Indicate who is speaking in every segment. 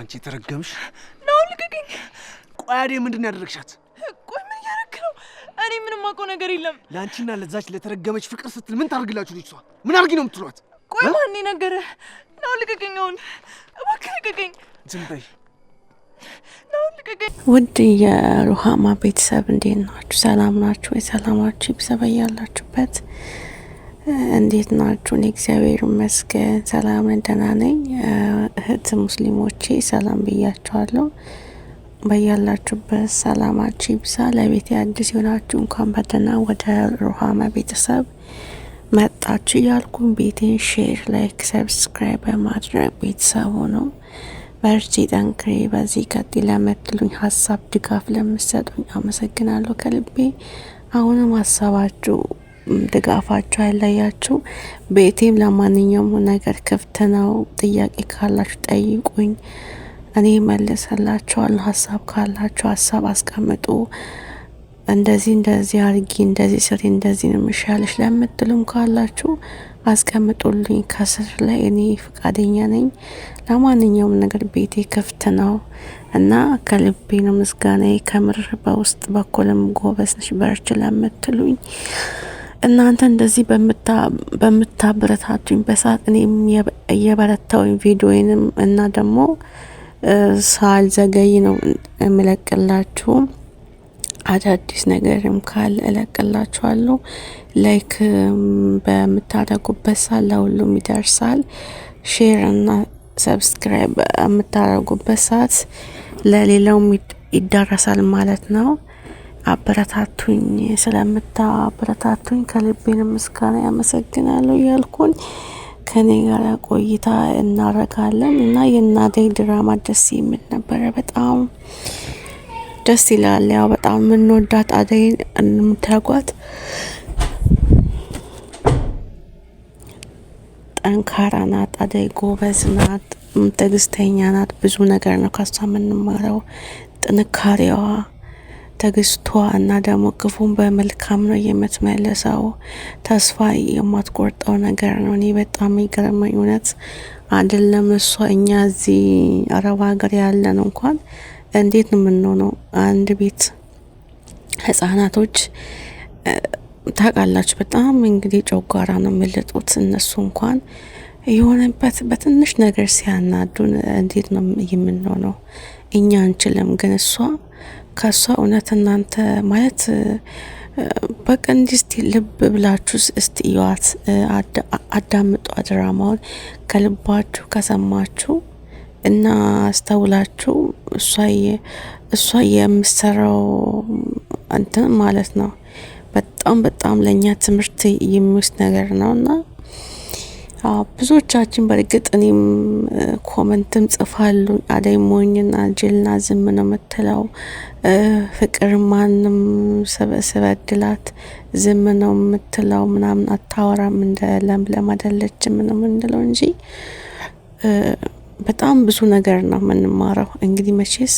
Speaker 1: አንቺ የተረገምሽ ነው። ልቀቀኝ። ቆይ አዴ ምንድን ነው ያደረግሻት?
Speaker 2: ቆይ ምን እያደረክ ነው? እኔ ምንም አውቀው ነገር የለም።
Speaker 1: ለአንቺና ለዛች ለተረገመች ፍቅር ስትል ምን ታደርግላችሁ? ልጅቷ ምን አድርጊ ነው የምትሏት?
Speaker 2: ቆይ ማን ነገረ ነው ልቅቅኝ አሁን እባክህ ልቀቀኝ።
Speaker 1: ዝም በይ።
Speaker 3: ውድ የሩሃማ ቤተሰብ እንዴት ናችሁ? ሰላም ናችሁ ወይ? ሰላማችሁ ይብዛ በያላችሁበት እንዴት ናችሁ? እኔ እግዚአብሔር ይመስገን ሰላም ደህና ነኝ። እህት ሙስሊሞቼ ሰላም ብያችኋለሁ። በያላችሁበት ሰላማችሁ ይብዛ። ለቤት አዲስ የሆናችሁ እንኳን በደህና ወደ ሩሃማ ቤተሰብ መጣችሁ እያልኩን ቤቴን ሼር፣ ላይክ፣ ሰብስክራይብ በማድረግ ቤተሰቡ ነው። በርቺ፣ ጠንክሬ በዚህ ቀጥይ ለምትሉኝ ሀሳብ ድጋፍ ለምሰጡኝ አመሰግናለሁ ከልቤ። አሁንም ሀሳባችሁ ድጋፋችሁ አይለያችሁ። ቤቴም ለማንኛውም ነገር ክፍት ነው። ጥያቄ ካላችሁ ጠይቁኝ፣ እኔ መልሰላችኋለሁ። ሀሳብ ካላችሁ ሀሳብ አስቀምጡ። እንደዚህ እንደዚህ አርጊ፣ እንደዚህ ስሪ፣ እንደዚህ ነው የሚሻለሽ ለምትሉም ካላችሁ አስቀምጡልኝ ከስር ላይ እኔ ፈቃደኛ ነኝ። ለማንኛውም ነገር ቤቴ ክፍት ነው እና ከልቤ ነው ምስጋና ከምር በውስጥ በኩልም ጎበዝ ነሽ በርች ለምትሉኝ እናንተ እንደዚህ በምታበረታቱኝ በሰዓት እኔም እየበረታውኝ ቪዲዮንም እና ደግሞ ሳልዘገይ ነው የምለቅላችሁ። አዳዲስ ነገርም ካል እለቅላችኋለሁ። ላይክ በምታደርጉበት ሰዓት ለሁሉም ይደርሳል። ሼር እና ሰብስክራይብ በምታደርጉበት ሰዓት ለሌላውም ይዳረሳል ማለት ነው። አበረታቱኝ ስለምታበረታቱኝ ከልቤን ምስጋና ያመሰግናለሁ እያልኩኝ ከኔ ጋር ቆይታ እናረጋለን እና የእናደኝ ድራማ ደስ የሚል ነበረ። በጣም ደስ ይላል። ያው በጣም የምንወዳት አደይን የምታጓት ጠንካራ ናት። አደይ ጎበዝ ናት፣ ትዕግስተኛ ናት። ብዙ ነገር ነው ከሷ የምንማረው ጥንካሬዋ ትዕግስቷ እና ደግሞ ክፉን በመልካም ነው የምትመልሰው። ተስፋ የማትቆርጠው ነገር ነው። እኔ በጣም ይገርመኝ እውነት አይደለም እሷ እኛ እዚህ አረብ ሀገር ያለን እንኳን እንዴት ነው የምንሆነው? አንድ ቤት ህጻናቶች ታውቃላችሁ፣ በጣም እንግዲህ ጨጓራ ነው የሚልጡት። እነሱ እንኳን የሆነበት በትንሽ ነገር ሲያናዱን እንዴት ነው የምንሆነው? እኛ አንችልም፣ ግን እሷ ከእሷ እውነት እናንተ ማለት በቃ እንዲህ እስቲ ልብ ብላችሁ እስቲ እዩዋት፣ አዳምጧ ድራማውን ከልባችሁ ከሰማችሁ እና አስተውላችሁ እሷ የምሰራው እንትን ማለት ነው። በጣም በጣም ለእኛ ትምህርት የሚወስድ ነገር ነው እና ብዙዎቻችን በእርግጥ እኔም ኮመንትም ጽፋሉ አደይ ሞኝና ጅልና ዝም ነው የምትለው ፍቅር ማንም ስበድላት ዝም ነው የምትለው ምናምን አታወራም እንደ ለምለም አይደለችም ነው የምንለው እንጂ በጣም ብዙ ነገር ነው የምንማረው። እንግዲህ መቼስ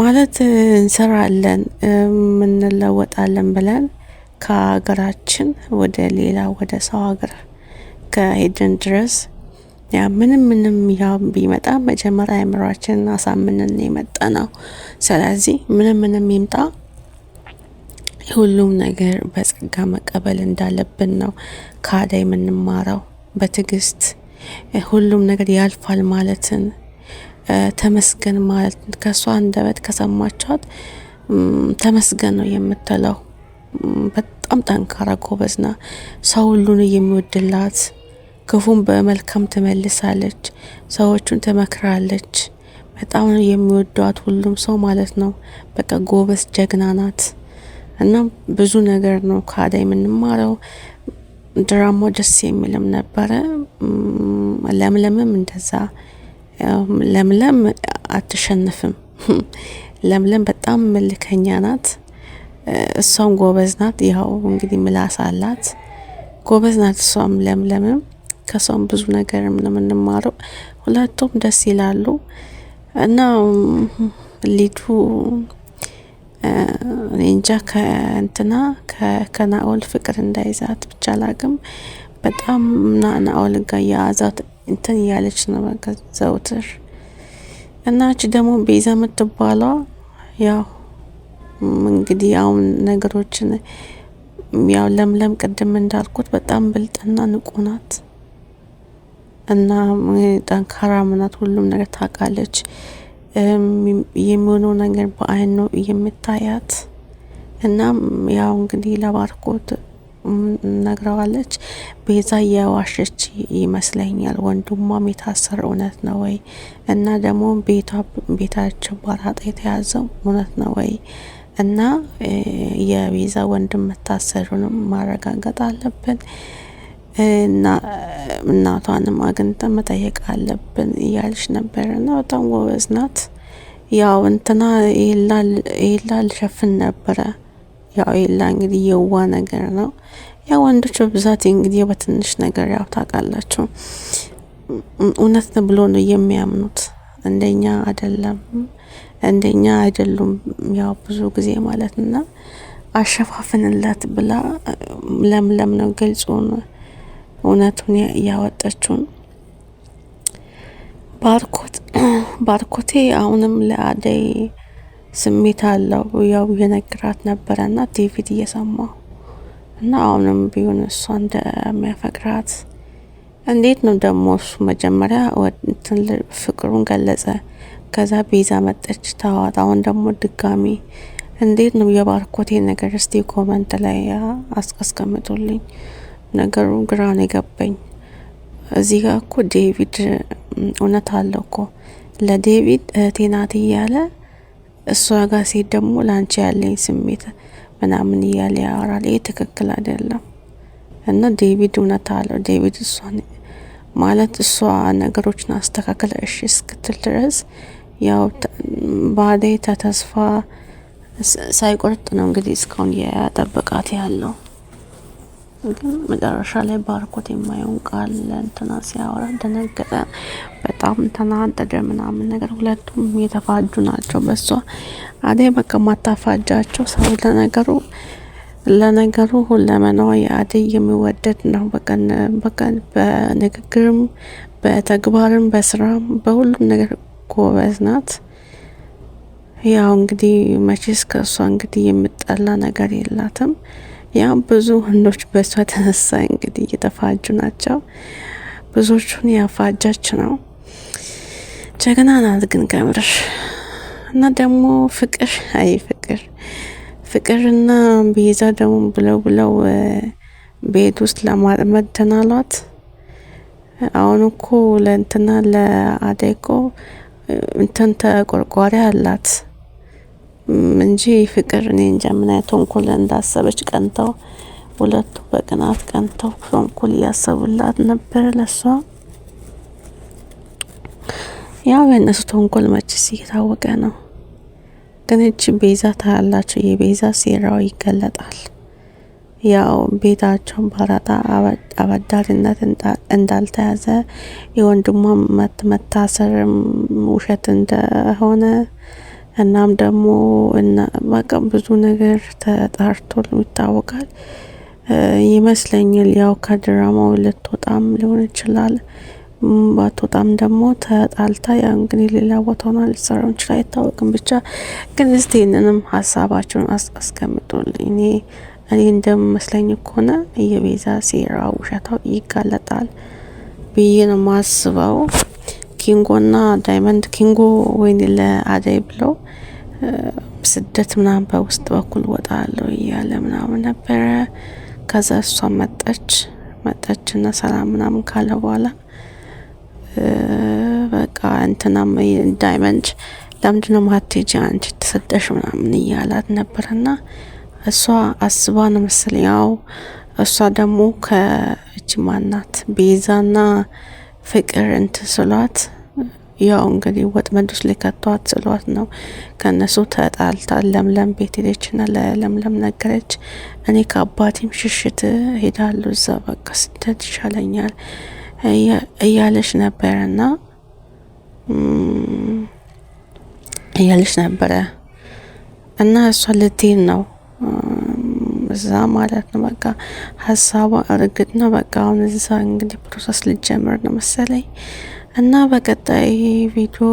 Speaker 3: ማለት እንሰራለን እንለወጣለን ብለን ከሀገራችን ወደ ሌላ ወደ ሰው ሀገር እስከሄድን ድረስ ያ ምንም ምንም ያ ቢመጣ መጀመሪያ አእምሯችንን አሳምነን የመጣ ነው። ስለዚህ ምንም ምንም ይምጣ ሁሉም ነገር በጸጋ መቀበል እንዳለብን ነው ከአዳ የምንማረው። በትዕግስት ሁሉም ነገር ያልፋል ማለትን ተመስገን ማለት ከእሷ አንደበት ከሰማችኋት ተመስገን ነው የምትለው። በጣም ጠንካራ ጎበዝና ሰው ሁሉን የሚወድላት ክፉን በመልካም ትመልሳለች፣ ሰዎቹን ትመክራለች። በጣም ነው የሚወዷት ሁሉም ሰው ማለት ነው። በቃ ጎበዝ ጀግና ናት። እና ብዙ ነገር ነው ከአደይ የምንማረው። ድራማው ደስ የሚልም ነበረ። ለምለምም እንደዛ ለምለም አትሸንፍም። ለምለም በጣም ምልከኛ ናት። እሷም ጎበዝ ናት። ያው እንግዲህ ምላስ አላት። ጎበዝ ናት እሷም ለምለምም ከሰውም ብዙ ነገር የምንማረው ሁለቱም ደስ ይላሉ እና ሊዱ እንጃ ከእንትና ከናኦል ፍቅር እንዳይዛት ብቻ ላግም በጣም ናናኦል ናኦል ጋር የአዛት እንትን እያለች ነው ዘውትር እና እች ደግሞ ቤዛ የምትባሏ ያው እንግዲህ ያው ነገሮችን ያው ለምለም ቅድም እንዳልኩት በጣም ብልጥና ንቁ ናት። እና ጠንካራ ምናት ሁሉም ነገር ታውቃለች። የሚሆነው ነገር በአይን ነው የምታያት። እናም ያው እንግዲህ ለባርኮት ነግረዋለች። ቤዛ የዋሸች ይመስለኛል። ወንድሟም የታሰረ እውነት ነው ወይ እና ደግሞ ቤታቸው ባራጣ የተያዘው እውነት ነው ወይ እና የቤዛ ወንድም መታሰሩንም ማረጋገጥ አለብን። እናቷንም አግኝተን መጠየቅ አለብን እያለች ነበር እና በጣም ጎበዝ ናት። ያው እንትና ይላ ልሸፍን ነበረ። ያው ይላ እንግዲህ የዋ ነገር ነው። ያው ወንዶች በብዛት እንግዲህ በትንሽ ነገር ያው ታውቃላችሁ፣ እውነት ነው ብሎ ነው የሚያምኑት። እንደኛ አይደለም፣ እንደኛ አይደሉም። ያው ብዙ ጊዜ ማለት እና አሸፋፍንላት ብላ ለምለም ነው ገልጾ ነው እውነቱን ያወጠችው ባርኮቴ አሁንም ለአደይ ስሜት አለው ያው የነግራት እና ዴቪድ እየሰማው እና አሁንም ቢሆን እሷ እንደሚያፈቅራት እንዴት ነው ደግሞ እሱ መጀመሪያ ፍቅሩን ገለጸ። ከዛ ቤዛ መጠች ታዋት። አሁን ደግሞ ድጋሚ እንዴት ነው የባርኮቴ ነገር? እስቲ ኮመንት ላይ አስቀስቀምጡልኝ። ነገሩ ግራ ነው የገባኝ። እዚህ ጋር እኮ ዴቪድ እውነት አለው እኮ ለዴቪድ እህቴ ናት እያለ እሷ ጋር ሴት ደግሞ ለአንቺ ያለኝ ስሜት ምናምን እያለ ያወራል። ይህ ትክክል አይደለም እና ዴቪድ እውነት አለው። ዴቪድ እሷ ማለት እሷ ነገሮችን አስተካከለ እሺ እስክትል ድረስ ያው ባዴ ተተስፋ ሳይቆርጥ ነው እንግዲህ እስካሁን የጠበቃት ያለው። ግን መጨረሻ ላይ ባርኮት የማየውን ቃል ለእንትና ሲያወራ ደነገጠ። በጣም ተናደደ ምናምን ነገር። ሁለቱም የተፋጁ ናቸው። በሷ አደይ በቃ ማታፋጃቸው ሰው ለነገሩ ለነገሩ ሁለመናዋ የአደይ የሚወደድ ነው። በቃ በንግግርም በተግባርም በስራም በሁሉም ነገር ጎበዝ ናት። ያው እንግዲህ መቼስ ከእሷ እንግዲህ የምጠላ ነገር የላትም። ያ ብዙ ወንዶች በእሷ ተነሳ እንግዲህ እየተፋጁ ናቸው። ብዙዎቹን ያፋጃች ነው። ጀግና ናት ግን ከምርሽ እና ደግሞ ፍቅር አይ ፍቅር ፍቅርና ቤዛ ደግሞ ብለው ብለው ቤት ውስጥ ለማጥመድ ተናሏት። አሁን እኮ ለእንትና ለአደይ እኮ እንትን ተቆርቋሪ አላት እንጂ ፍቅር እኔ እንጃ ምን አይነት ተንኮል እንዳሰበች ቀንተው ሁለቱ በቅናት ቀንተው ተንኮል እያሰቡላት ነበር ለሷ። ያው የእነሱ ተንኮል መችስ እየታወቀ ነው። ግን እቺ ቤዛ ታያላቸው፣ የቤዛ ሴራው ይገለጣል። ያው ቤታቸውን በአራጣ አበዳሪነት እንዳልተያዘ የወንድሟ መታሰርም ውሸት እንደሆነ እናም ደግሞ በቃ ብዙ ነገር ተጣርቶ ይታወቃል ይመስለኛል። ያው ከድራማው ልትወጣም ሊሆን ይችላል። ባትወጣም ደግሞ ተጣልታ ያ እንግዲህ ሌላ ቦታ ሆና ልትሰራው ይችላል፣ አይታወቅም። ብቻ ግን እስቲ ይህንንም ሀሳባችሁን አስቀምጡልኝ። እኔ እኔ እንደሚመስለኝ ከሆነ የቤዛ ሴራ ውሸታው ይጋለጣል ብዬ ነው ማስበው። ኪንጎ እና ዳይመንድ ኪንጎ ወይኔ ለአደይ ብለው ስደት ምናምን በውስጥ በኩል ወጣ አለው እያለ ምናምን ነበረ። ከዛ እሷ መጠች መጠች እና ሰላም ምናምን ካለ በኋላ በቃ እንትናም ዳይመንድ ለምንድነው ማቴጂ አንቺ ተሰደሽ ምናምን እያላት ነበር። እና እሷ አስባ ነው መሰለኝ ያው እሷ ደግሞ ከእጅ ማናት ቤዛና ፍቅር እንትን ስሏት ያው እንግዲህ ወጥመዶች ላይ ከተዋት ስሏት ነው። ከነሱ ተጣልታ ለምለም ቤት ሄደችና ለለምለም ነገረች። እኔ ከአባቴም ሽሽት ሄዳሉ እዛ በቃ ስደት ይሻለኛል እያለች ና እያለች ነበረ እና እሷ ልትሄድ ነው እዛ ማለት ነው። በቃ ሀሳቧ እርግጥ ነው። በቃ አሁን እዛ እንግዲህ ፕሮሰስ ልጀምር ነው መሰለኝ እና በቀጣይ ቪዲዮ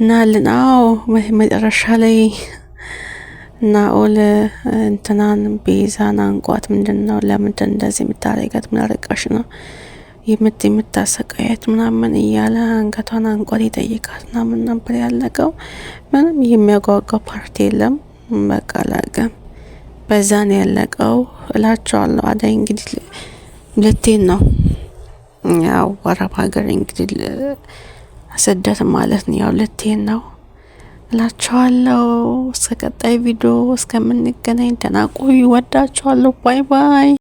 Speaker 3: እናልን። አዎ መጨረሻ ላይ እና ናኦል እንትናን ቤዛን አንቋት ምንድን ነው ለምንድን እንደዚህ የምታደርጋት ምናረቃሽ ነው የምት የምታሰቃያት ምናምን እያለ አንገቷን አንቋት ይጠይቃት ምናምን ነበር ያለቀው። ምንም የሚያጓጓ ፓርቲ የለም። በቃ አላገም በዛ ነው ያለቀው እላቸዋለሁ። አዳይ እንግዲህ ሁለቴን ነው ያው አረብ ሀገር እንግዲህ ስደት ማለት ነው ያው ሁለቴን ነው እላቸዋለሁ። እስከ ቀጣይ ቪዲዮ እስከምንገናኝ ደህና ቆዩ። ወዳቸዋለሁ። ባይ ባይ